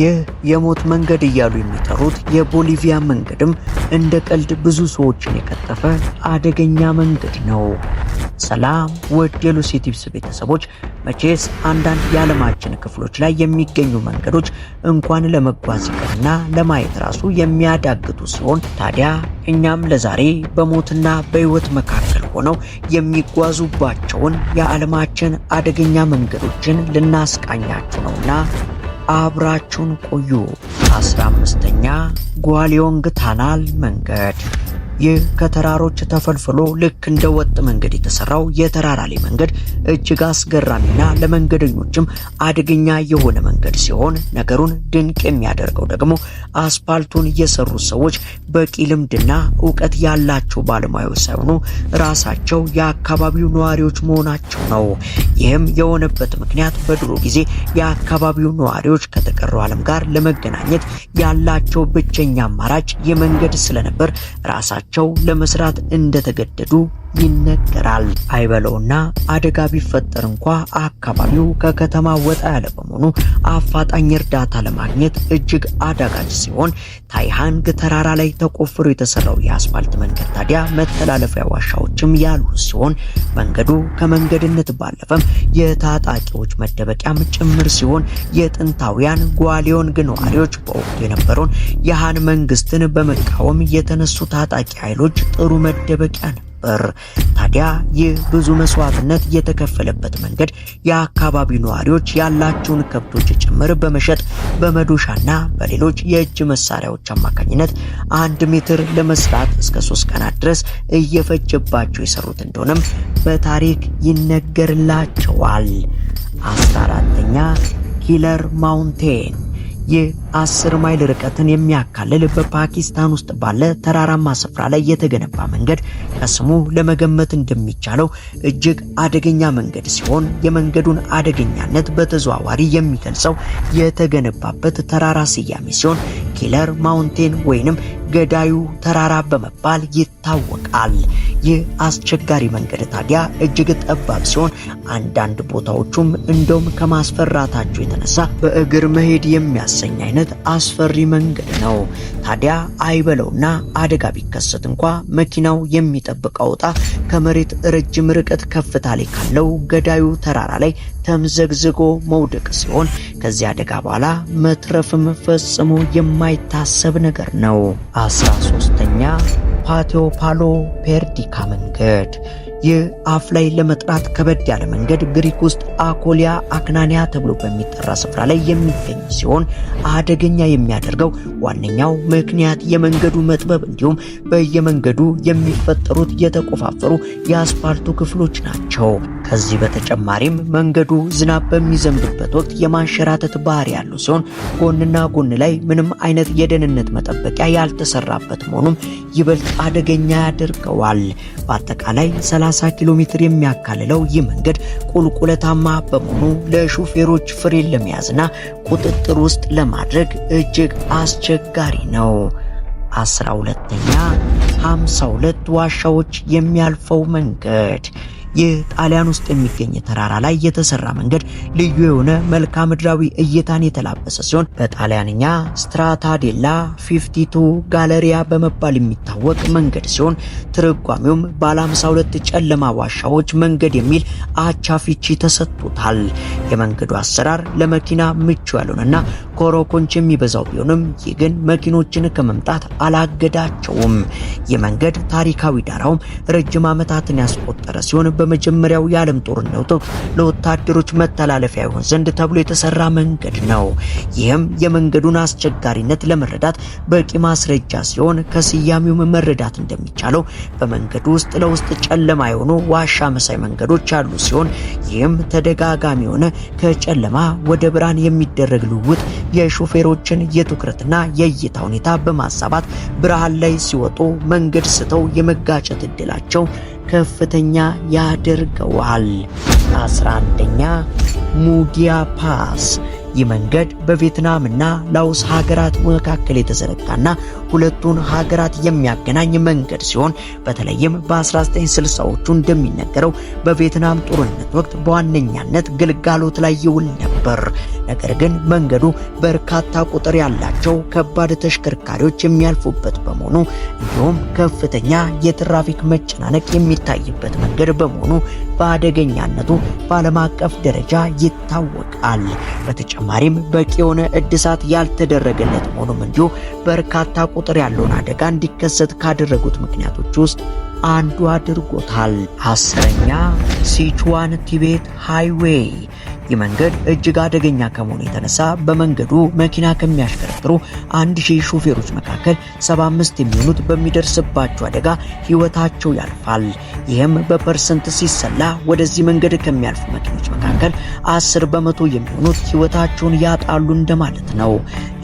ይህ የሞት መንገድ እያሉ የሚጠሩት የቦሊቪያ መንገድም እንደ ቀልድ ብዙ ሰዎችን የቀጠፈ አደገኛ መንገድ ነው። ሰላም ውድ የሉሲ ቲፕስ ቤተሰቦች፣ መቼስ አንዳንድ የዓለማችን ክፍሎች ላይ የሚገኙ መንገዶች እንኳን ለመጓዝ ይቅርና ለማየት ራሱ የሚያዳግቱ ሲሆን ታዲያ እኛም ለዛሬ በሞትና በሕይወት መካከል ሆነው የሚጓዙባቸውን የዓለማችን አደገኛ መንገዶችን ልናስቃኛችሁ ነውና አብራችሁን ቆዩ። 15 15ኛ ጓሊዮንግ ታናል መንገድ ይህ ከተራሮች ተፈልፍሎ ልክ እንደ ወጥ መንገድ የተሰራው የተራራ ላይ መንገድ እጅግ አስገራሚና ለመንገደኞችም አደገኛ የሆነ መንገድ ሲሆን ነገሩን ድንቅ የሚያደርገው ደግሞ አስፓልቱን የሰሩ ሰዎች በቂ ልምድና እውቀት ያላቸው ባለሙያዎች ሳይሆኑ ራሳቸው የአካባቢው ነዋሪዎች መሆናቸው ነው። ይህም የሆነበት ምክንያት በድሮ ጊዜ የአካባቢው ነዋሪዎች ከተቀረው ዓለም ጋር ለመገናኘት ያላቸው ብቸኛ አማራጭ የመንገድ ስለነበር ራሳቸው ስራቸው ለመስራት እንደተገደዱ ይነገራል። አይበለውና አደጋ ቢፈጠር እንኳ አካባቢው ከከተማ ወጣ ያለ በመሆኑ አፋጣኝ እርዳታ ለማግኘት እጅግ አዳጋች ሲሆን ታይሃንግ ተራራ ላይ ተቆፍሮ የተሰራው የአስፋልት መንገድ ታዲያ መተላለፊያ ዋሻዎችም ያሉ ሲሆን መንገዱ ከመንገድነት ባለፈም የታጣቂዎች መደበቂያም ጭምር ሲሆን የጥንታውያን ጓሊዮን ነዋሪዎች በወቅቱ የነበረውን የሃን መንግስትን በመቃወም የተነሱ ታጣቂ ኃይሎች ጥሩ መደበቂያ ነው። ነበር። ታዲያ ይህ ብዙ መስዋዕትነት የተከፈለበት መንገድ የአካባቢው ነዋሪዎች ያላቸውን ከብቶች ጭምር በመሸጥ በመዶሻና በሌሎች የእጅ መሳሪያዎች አማካኝነት አንድ ሜትር ለመስራት እስከ ሶስት ቀናት ድረስ እየፈጀባቸው የሰሩት እንደሆነም በታሪክ ይነገርላቸዋል። አስራ አራተኛ ኪለር ማውንቴን ይህ አስር ማይል ርቀትን የሚያካልል በፓኪስታን ውስጥ ባለ ተራራማ ስፍራ ላይ የተገነባ መንገድ ከስሙ ለመገመት እንደሚቻለው እጅግ አደገኛ መንገድ ሲሆን የመንገዱን አደገኛነት በተዘዋዋሪ የሚገልጸው የተገነባበት ተራራ ስያሜ ሲሆን ኪለር ማውንቴን ወይንም ገዳዩ ተራራ በመባል ይታወቃል። ይህ አስቸጋሪ መንገድ ታዲያ እጅግ ጠባብ ሲሆን አንዳንድ ቦታዎቹም እንደውም ከማስፈራታቸው የተነሳ በእግር መሄድ የሚያሰኝ አይነት አይነት አስፈሪ መንገድ ነው። ታዲያ አይበለውና አደጋ ቢከሰት እንኳ መኪናው የሚጠብቀው አውጣ ከመሬት ረጅም ርቀት ከፍታ ላይ ካለው ገዳዩ ተራራ ላይ ተምዘግዝጎ መውደቅ ሲሆን ከዚህ አደጋ በኋላ መትረፍም ፈጽሞ የማይታሰብ ነገር ነው። አስራ ሶስተኛ ፓቴዮ ፓሎ ፔርዲካ መንገድ ይህ አፍ ላይ ለመጥራት ከበድ ያለ መንገድ ግሪክ ውስጥ አኮሊያ አክናንያ ተብሎ በሚጠራ ስፍራ ላይ የሚገኝ ሲሆን አደገኛ የሚያደርገው ዋነኛው ምክንያት የመንገዱ መጥበብ እንዲሁም በየመንገዱ የሚፈጠሩት የተቆፋፈሩ የአስፓልቱ ክፍሎች ናቸው። ከዚህ በተጨማሪም መንገዱ ዝናብ በሚዘንብበት ወቅት የማንሸራተት ባህሪ ያለው ሲሆን ጎንና ጎን ላይ ምንም አይነት የደህንነት መጠበቂያ ያልተሰራበት መሆኑም ይበልጥ አደገኛ ያደርገዋል። በአጠቃላይ ሰላም 30 ኪሎ ሜትር የሚያካልለው ይህ መንገድ ቁልቁለታማ በመሆኑ ለሹፌሮች ፍሬን ለመያዝና ቁጥጥር ውስጥ ለማድረግ እጅግ አስቸጋሪ ነው። 12ተኛ 52 ዋሻዎች የሚያልፈው መንገድ ይህ ጣሊያን ውስጥ የሚገኝ ተራራ ላይ የተሰራ መንገድ ልዩ የሆነ መልክዓ ምድራዊ እይታን የተላበሰ ሲሆን በጣሊያንኛ ስትራታዴላ ፊፍቲቱ ጋለሪያ በመባል የሚታወቅ መንገድ ሲሆን ትርጓሜውም ባለ 52 ጨለማ ዋሻዎች መንገድ የሚል አቻፊቺ ተሰጥቶታል። የመንገዱ አሰራር ለመኪና ምቹ ያልሆነና ኮረኮንች የሚበዛው ቢሆንም ይህ ግን መኪኖችን ከመምጣት አላገዳቸውም። የመንገድ ታሪካዊ ዳራውም ረጅም ዓመታትን ያስቆጠረ ሲሆን በመጀመሪያው የዓለም ጦርነት ለወታደሮች መተላለፊያ ይሆን ዘንድ ተብሎ የተሰራ መንገድ ነው። ይህም የመንገዱን አስቸጋሪነት ለመረዳት በቂ ማስረጃ ሲሆን ከስያሜው መረዳት እንደሚቻለው በመንገዱ ውስጥ ለውስጥ ጨለማ የሆኑ ዋሻ መሳይ መንገዶች ያሉ ሲሆን ይህም ተደጋጋሚ የሆነ ከጨለማ ወደ ብርሃን የሚደረግ ልውውጥ የሾፌሮችን የትኩረትና የእይታ ሁኔታ በማሳባት ብርሃን ላይ ሲወጡ መንገድ ስተው የመጋጨት እድላቸው ከፍተኛ ያደርገዋል። 11ኛ ሙዲያ ፓስ። ይህ መንገድ በቪየትናም ላውስ ሀገራት መካከል የተዘረጋና ሁለቱን ሀገራት የሚያገናኝ መንገድ ሲሆን በተለይም በ1960ዎቹ እንደሚነገረው በቪየትናም ጦርነት ወቅት በዋነኛነት ግልጋሎት ላይ ይውል ነበር። ነገር ግን መንገዱ በርካታ ቁጥር ያላቸው ከባድ ተሽከርካሪዎች የሚያልፉበት በመሆኑ እንዲሁም ከፍተኛ የትራፊክ መጨናነቅ የሚታይበት መንገድ በመሆኑ በአደገኛነቱ በዓለም አቀፍ ደረጃ ይታወቃል። በተጨማሪም በቂ የሆነ እድሳት ያልተደረገለት መሆኑም እንዲሁ በርካታ ቁጥር ያለውን አደጋ እንዲከሰት ካደረጉት ምክንያቶች ውስጥ አንዱ አድርጎታል። አስረኛ ሲቹዋን ቲቤት ሃይዌይ ይህ መንገድ እጅግ አደገኛ ከመሆኑ የተነሳ በመንገዱ መኪና ከሚያሽከረክሩ 1000 ሾፌሮች መካከል 75 የሚሆኑት በሚደርስባቸው አደጋ ህይወታቸው ያልፋል። ይህም በፐርሰንት ሲሰላ ወደዚህ መንገድ ከሚያልፉ መኪኖች መካከል 10 በመቶ የሚሆኑት ህይወታቸውን ያጣሉ እንደማለት ነው።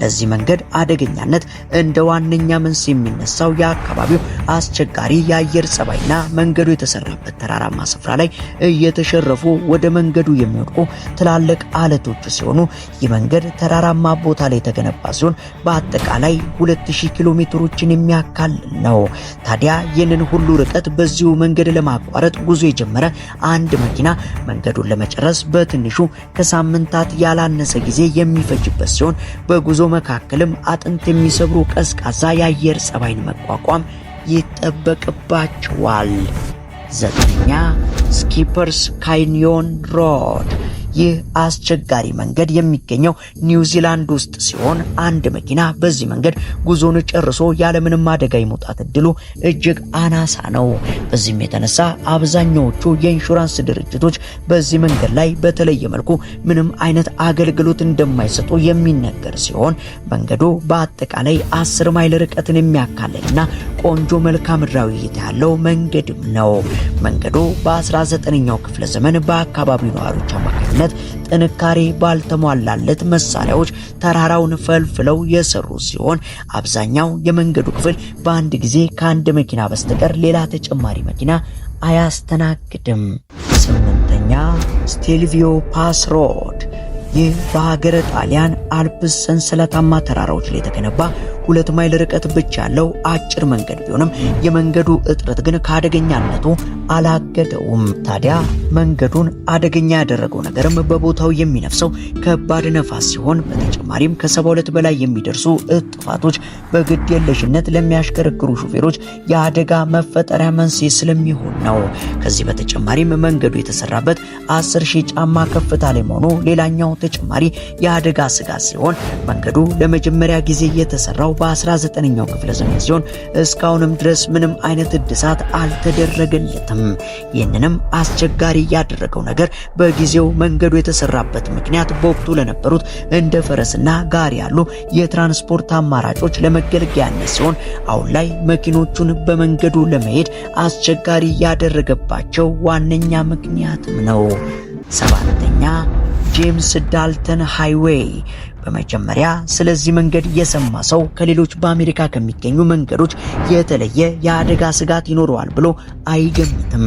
ለዚህ መንገድ አደገኛነት እንደ ዋነኛ መንስ የሚነሳው የአካባቢው አስቸጋሪ የአየር ጸባይና መንገዱ የተሰራበት ተራራማ ስፍራ ላይ እየተሸረፉ ወደ መንገዱ የሚወድቁ ትላልቅ አለቶች ሲሆኑ ይህ መንገድ ተራራማ ቦታ ላይ የተገነባ ሲሆን በአጠቃላይ 2000 ኪሎ ሜትሮችን የሚያካልል ነው። ታዲያ ይህንን ሁሉ ርቀት በዚሁ መንገድ ለማቋረጥ ጉዞ የጀመረ አንድ መኪና መንገዱን ለመጨረስ በትንሹ ከሳምንታት ያላነሰ ጊዜ የሚፈጅበት ሲሆን በጉዞ መካከልም አጥንት የሚሰብሩ ቀዝቃዛ የአየር ጸባይን መቋቋም ይጠበቅባቸዋል። ዘጠኛ ስኪፐርስ ካይኒዮን ሮድ ይህ አስቸጋሪ መንገድ የሚገኘው ኒውዚላንድ ውስጥ ሲሆን አንድ መኪና በዚህ መንገድ ጉዞን ጨርሶ ያለምንም አደጋ የመውጣት እድሉ እጅግ አናሳ ነው። በዚህም የተነሳ አብዛኛዎቹ የኢንሹራንስ ድርጅቶች በዚህ መንገድ ላይ በተለየ መልኩ ምንም አይነት አገልግሎት እንደማይሰጡ የሚነገር ሲሆን መንገዱ በአጠቃላይ አስር ማይል ርቀትን የሚያካልልና ቆንጆ መልክዓ ምድራዊ እይታ ያለው መንገድም ነው። መንገዱ በ19ኛው ክፍለ ዘመን በአካባቢው ነዋሪዎች አማካኝነት አይነት ጥንካሬ ባልተሟላለት መሳሪያዎች ተራራውን ፈልፍለው የሰሩ ሲሆን አብዛኛው የመንገዱ ክፍል በአንድ ጊዜ ከአንድ መኪና በስተቀር ሌላ ተጨማሪ መኪና አያስተናግድም። ስምንተኛ ስቴልቪዮ ፓስ ሮድ። ይህ በሀገረ ጣሊያን አልፕስ ሰንሰለታማ ተራራዎች ላይ የተገነባ ሁለት ማይል ርቀት ብቻ ያለው አጭር መንገድ ቢሆንም የመንገዱ እጥረት ግን ከአደገኛነቱ አላገደውም። ታዲያ መንገዱን አደገኛ ያደረገው ነገርም በቦታው የሚነፍሰው ከባድ ነፋስ ሲሆን በተጨማሪም ከ72 በላይ የሚደርሱ እጥፋቶች በግድ የለሽነት ለሚያሽከረክሩ ሹፌሮች የአደጋ መፈጠሪያ መንስኤ ስለሚሆን ነው። ከዚህ በተጨማሪም መንገዱ የተሰራበት አስር ሺህ ጫማ ከፍታ ላይ መሆኑ ሌላኛው ተጨማሪ የአደጋ ስጋት ሲሆን መንገዱ ለመጀመሪያ ጊዜ የተሰራው በ19ኛው ክፍለ ዘመን ሲሆን እስካሁንም ድረስ ምንም አይነት እድሳት አልተደረገለትም። ይህንንም አስቸጋሪ ያደረገው ነገር በጊዜው መንገዱ የተሰራበት ምክንያት በወቅቱ ለነበሩት እንደ ፈረስና ጋሪ ያሉ የትራንስፖርት አማራጮች ለመገልገያነት ሲሆን አሁን ላይ መኪኖቹን በመንገዱ ለመሄድ አስቸጋሪ ያደረገባቸው ዋነኛ ምክንያትም ነው። ሰባተኛ ጄምስ ዳልተን ሃይዌይ በመጀመሪያ ስለዚህ መንገድ የሰማ ሰው ከሌሎች በአሜሪካ ከሚገኙ መንገዶች የተለየ የአደጋ ስጋት ይኖረዋል ብሎ አይገምትም።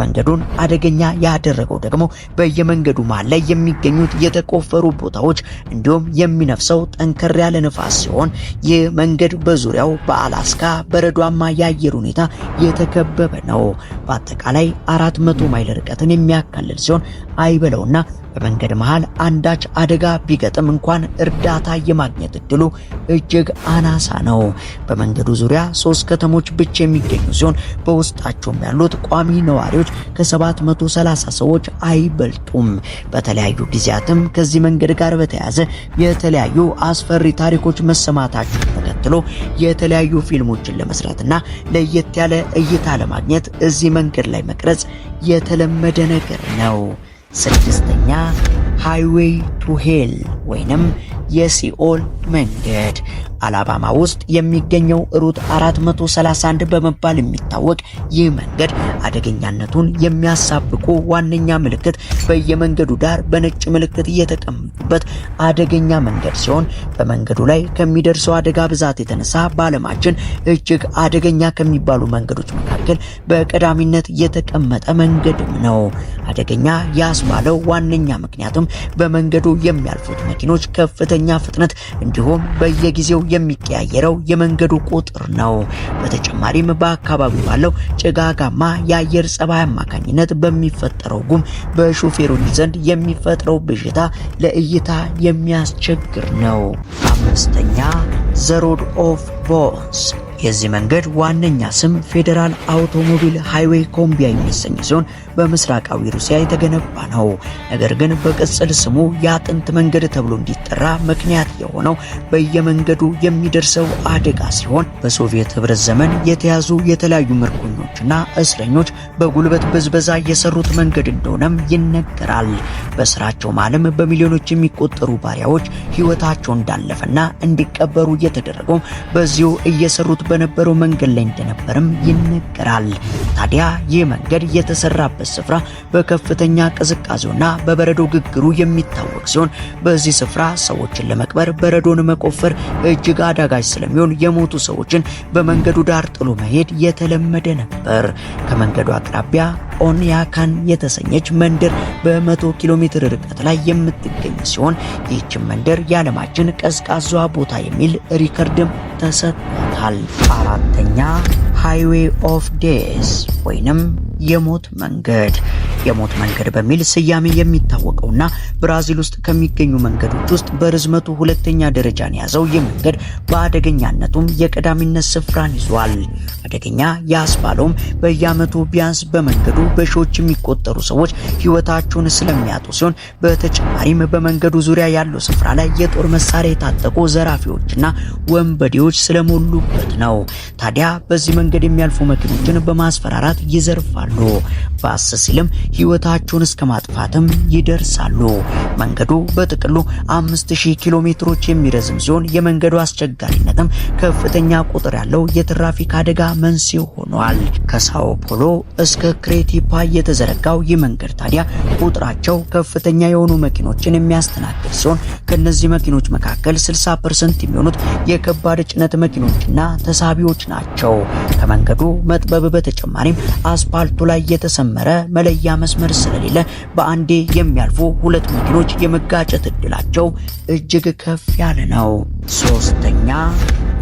መንገዱን አደገኛ ያደረገው ደግሞ በየመንገዱ መሃል ላይ የሚገኙት የተቆፈሩ ቦታዎች እንዲሁም የሚነፍሰው ጠንከር ያለ ነፋስ ሲሆን ይህ መንገድ በዙሪያው በአላስካ በረዷማ የአየር ሁኔታ የተከበበ ነው። በአጠቃላይ አራት መቶ ማይል ርቀትን የሚያካልል ሲሆን አይበለውና በመንገድ መሃል አንዳች አደጋ ቢገጥም እንኳን እርዳታ የማግኘት እድሉ እጅግ አናሳ ነው። በመንገዱ ዙሪያ ሶስት ከተሞች ብቻ የሚገኙ ሲሆን በውስጣቸውም ያሉት ቋሚ ነዋሪዎች ከ730 ሰዎች አይበልጡም። በተለያዩ ጊዜያትም ከዚህ መንገድ ጋር በተያያዘ የተለያዩ አስፈሪ ታሪኮች መሰማታቸውን ተከትሎ የተለያዩ ፊልሞችን ለመስራትና ለየት ያለ እይታ ለማግኘት እዚህ መንገድ ላይ መቅረጽ የተለመደ ነገር ነው። ስድስተኛ ሃይዌይ ቱ ሄል ወይንም የሲኦል መንገድ አላባማ ውስጥ የሚገኘው ሩት 431 በመባል የሚታወቅ ይህ መንገድ አደገኛነቱን የሚያሳብቁ ዋነኛ ምልክት በየመንገዱ ዳር በነጭ ምልክት የተቀመጡበት አደገኛ መንገድ ሲሆን በመንገዱ ላይ ከሚደርሰው አደጋ ብዛት የተነሳ በዓለማችን እጅግ አደገኛ ከሚባሉ መንገዶች መካከል በቀዳሚነት የተቀመጠ መንገድም ነው። አደገኛ ያስባለው ዋነኛ ምክንያትም በመንገዱ የሚያልፉት መኪኖች ከፍተኛ ፍጥነት እንዲሁም በየጊዜው የሚቀያየረው የመንገዱ ቁጥር ነው። በተጨማሪም በአካባቢው ባለው ጭጋጋማ የአየር ጸባይ አማካኝነት በሚፈጠረው ጉም በሹፌሮች ዘንድ የሚፈጥረው ብዥታ ለእይታ የሚያስቸግር ነው። አምስተኛ ዘ ሮድ ኦፍ ቦንስ የዚህ መንገድ ዋነኛ ስም ፌዴራል አውቶሞቢል ሃይዌይ ኮምቢያ የሚሰኝ ሲሆን በምስራቃዊ ሩሲያ የተገነባ ነው። ነገር ግን በቅጽል ስሙ የአጥንት መንገድ ተብሎ እንዲጠራ ምክንያት የሆነው በየመንገዱ የሚደርሰው አደጋ ሲሆን በሶቪየት ህብረት ዘመን የተያዙ የተለያዩ ምርኮኞችና እስረኞች በጉልበት ብዝበዛ የሰሩት መንገድ እንደሆነም ይነገራል። በስራቸው ማለም በሚሊዮኖች የሚቆጠሩ ባሪያዎች ህይወታቸው እንዳለፈና እንዲቀበሩ እየተደረገው በዚሁ እየሰሩት በነበረው መንገድ ላይ እንደነበርም ይነገራል። ታዲያ ይህ መንገድ የተሰራበት ስፍራ በከፍተኛ ቅዝቃዜውና በበረዶ ግግሩ የሚታወቅ ሲሆን በዚህ ስፍራ ሰዎችን ለመቅበር በረዶን መቆፈር እጅግ አዳጋጅ ስለሚሆን የሞቱ ሰዎችን በመንገዱ ዳር ጥሎ መሄድ የተለመደ ነበር። ከመንገዱ አቅራቢያ ኦንያካን የተሰኘች መንደር በ100 ኪሎ ሜትር ርቀት ላይ የምትገኝ ሲሆን ይህችን መንደር የዓለማችን ቀዝቃዛ ቦታ የሚል ሪከርድም ተሰጥቷታል። አራተኛ ሃይዌይ ኦፍ ዴስ ወይንም የሞት መንገድ የሞት መንገድ በሚል ስያሜ የሚታወቀውና ብራዚል ውስጥ ከሚገኙ መንገዶች ውስጥ በርዝመቱ ሁለተኛ ደረጃን የያዘው ይህ መንገድ በአደገኛነቱም የቀዳሚነት ስፍራን ይዟል። አደገኛ ያስባለውም በየዓመቱ ቢያንስ በመንገዱ በሺዎች የሚቆጠሩ ሰዎች ሕይወታቸውን ስለሚያጡ ሲሆን በተጨማሪም በመንገዱ ዙሪያ ያለው ስፍራ ላይ የጦር መሳሪያ የታጠቁ ዘራፊዎችና ወንበዴዎች ስለሞሉበት ነው። ታዲያ በዚህ መንገድ የሚያልፉ መኪኖችን በማስፈራራት ይዘርፋሉ። ባስ ሲልም ህይወታቸውን እስከ ማጥፋትም ይደርሳሉ። መንገዱ በጥቅሉ 5000 ኪሎ ሜትሮች የሚረዝም ሲሆን የመንገዱ አስቸጋሪነትም ከፍተኛ ቁጥር ያለው የትራፊክ አደጋ መንስኤ ሆኗል። ከሳኦ ፖሎ እስከ ክሬቲፓ የተዘረጋው ይህ መንገድ ታዲያ ቁጥራቸው ከፍተኛ የሆኑ መኪኖችን የሚያስተናግድ ሲሆን ከነዚህ መኪኖች መካከል 60% የሚሆኑት የከባድ ጭነት መኪኖችና ተሳቢዎች ናቸው። ከመንገዱ መጥበብ በተጨማሪም አስፓልቱ ላይ የተሰመረ መለያ መስመር ስለሌለ በአንዴ የሚያልፉ ሁለት መኪኖች የመጋጨት እድላቸው እጅግ ከፍ ያለ ነው። ሶስተኛ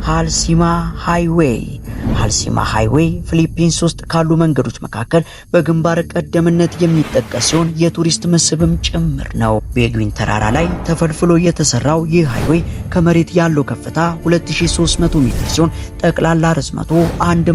ሃልሲማ ሃይዌይ ሃልሲማ ሃይዌይ ፊሊፒንስ ውስጥ ካሉ መንገዶች መካከል በግንባር ቀደምነት የሚጠቀስ ሲሆን የቱሪስት መስህብም ጭምር ነው። ቤድዊን ተራራ ላይ ተፈልፍሎ የተሰራው ይህ ሃይዌይ ከመሬት ያለው ከፍታ 2300 ሜትር ሲሆን ጠቅላላ ርዝመቱ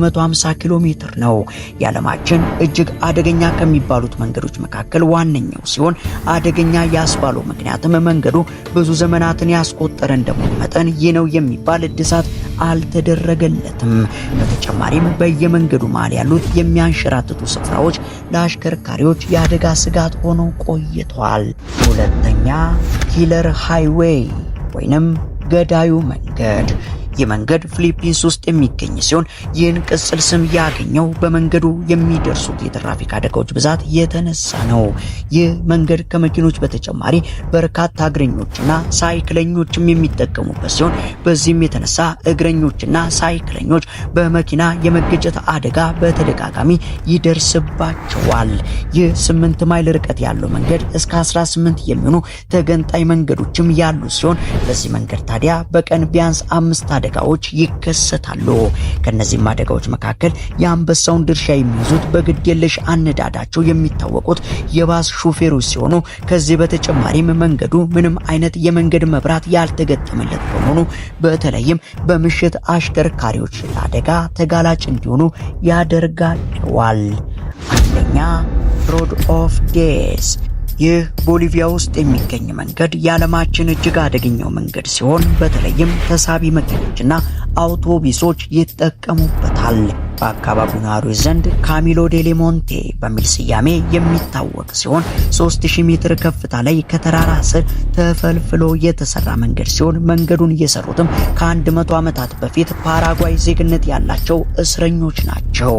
150 ኪሎ ሜትር ነው። የዓለማችን እጅግ አደገኛ ከሚባሉት መንገዶች መካከል ዋነኛው ሲሆን አደገኛ ያስባለው ምክንያትም መንገዱ ብዙ ዘመናትን ያስቆጠረ እንደመሆኑ መጠን ይህ ነው የሚባል እድሳት አልተደረገለትም። በተጨማሪም በየመንገዱ መሃል ያሉት የሚያንሸራትቱ ስፍራዎች ለአሽከርካሪዎች የአደጋ ስጋት ሆነው ቆይተዋል። ሁለተኛ ኪለር ሃይዌይ ወይንም ገዳዩ መንገድ ይህ መንገድ ፊሊፒንስ ውስጥ የሚገኝ ሲሆን ይህን ቅጽል ስም ያገኘው በመንገዱ የሚደርሱት የትራፊክ አደጋዎች ብዛት የተነሳ ነው። ይህ መንገድ ከመኪኖች በተጨማሪ በርካታ እግረኞችና ሳይክለኞችም የሚጠቀሙበት ሲሆን በዚህም የተነሳ እግረኞችና ሳይክለኞች በመኪና የመገጨት አደጋ በተደጋጋሚ ይደርስባቸዋል። ይህ ስምንት ማይል ርቀት ያለው መንገድ እስከ 18 የሚሆኑ ተገንጣይ መንገዶችም ያሉ ሲሆን በዚህ መንገድ ታዲያ በቀን ቢያንስ አምስት አደጋዎች ይከሰታሉ። ከነዚህም አደጋዎች መካከል የአንበሳውን ድርሻ የሚይዙት በግድየለሽ አነዳዳቸው የሚታወቁት የባስ ሹፌሮች ሲሆኑ ከዚህ በተጨማሪም መንገዱ ምንም አይነት የመንገድ መብራት ያልተገጠመለት በመሆኑ በተለይም በምሽት አሽከርካሪዎች ለአደጋ ተጋላጭ እንዲሆኑ ያደርጋቸዋል። አንደኛ ሮድ ኦፍ ዴስ ይህ ቦሊቪያ ውስጥ የሚገኝ መንገድ የዓለማችን እጅግ አደገኛው መንገድ ሲሆን በተለይም ተሳቢ መኪኖችና አውቶቡሶች ይጠቀሙበታል። በአካባቢው ነዋሪዎች ዘንድ ካሚሎ ዴሌሞንቴ በሚል ስያሜ የሚታወቅ ሲሆን 3000 ሜትር ከፍታ ላይ ከተራራ ስር ተፈልፍሎ የተሰራ መንገድ ሲሆን መንገዱን እየሰሩትም ከ100 ዓመታት በፊት ፓራጓይ ዜግነት ያላቸው እስረኞች ናቸው።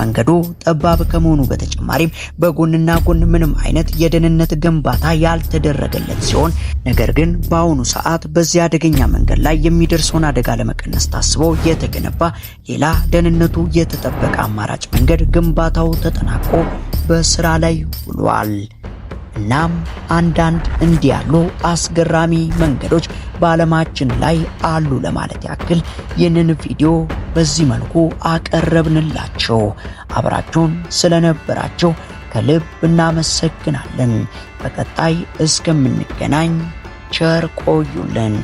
መንገዱ ጠባብ ከመሆኑ በተጨማሪም በጎንና ጎን ምንም አይነት የደህንነት ግንባታ ያልተደረገለት ሲሆን ነገር ግን በአሁኑ ሰዓት በዚህ አደገኛ መንገድ ላይ የሚደርሰውን አደጋ ለመቀነስ ታስቦ የተገነባ ሌላ ደህንነቱ የተጠበቀ አማራጭ መንገድ ግንባታው ተጠናቆ በስራ ላይ ውሏል። እናም አንዳንድ እንዲህ ያሉ አስገራሚ መንገዶች በዓለማችን ላይ አሉ ለማለት ያክል ይህንን ቪዲዮ በዚህ መልኩ አቀረብንላቸው። አብራችሁን ስለነበራቸው ከልብ እናመሰግናለን። በቀጣይ እስከምንገናኝ ቸር ቆዩልን።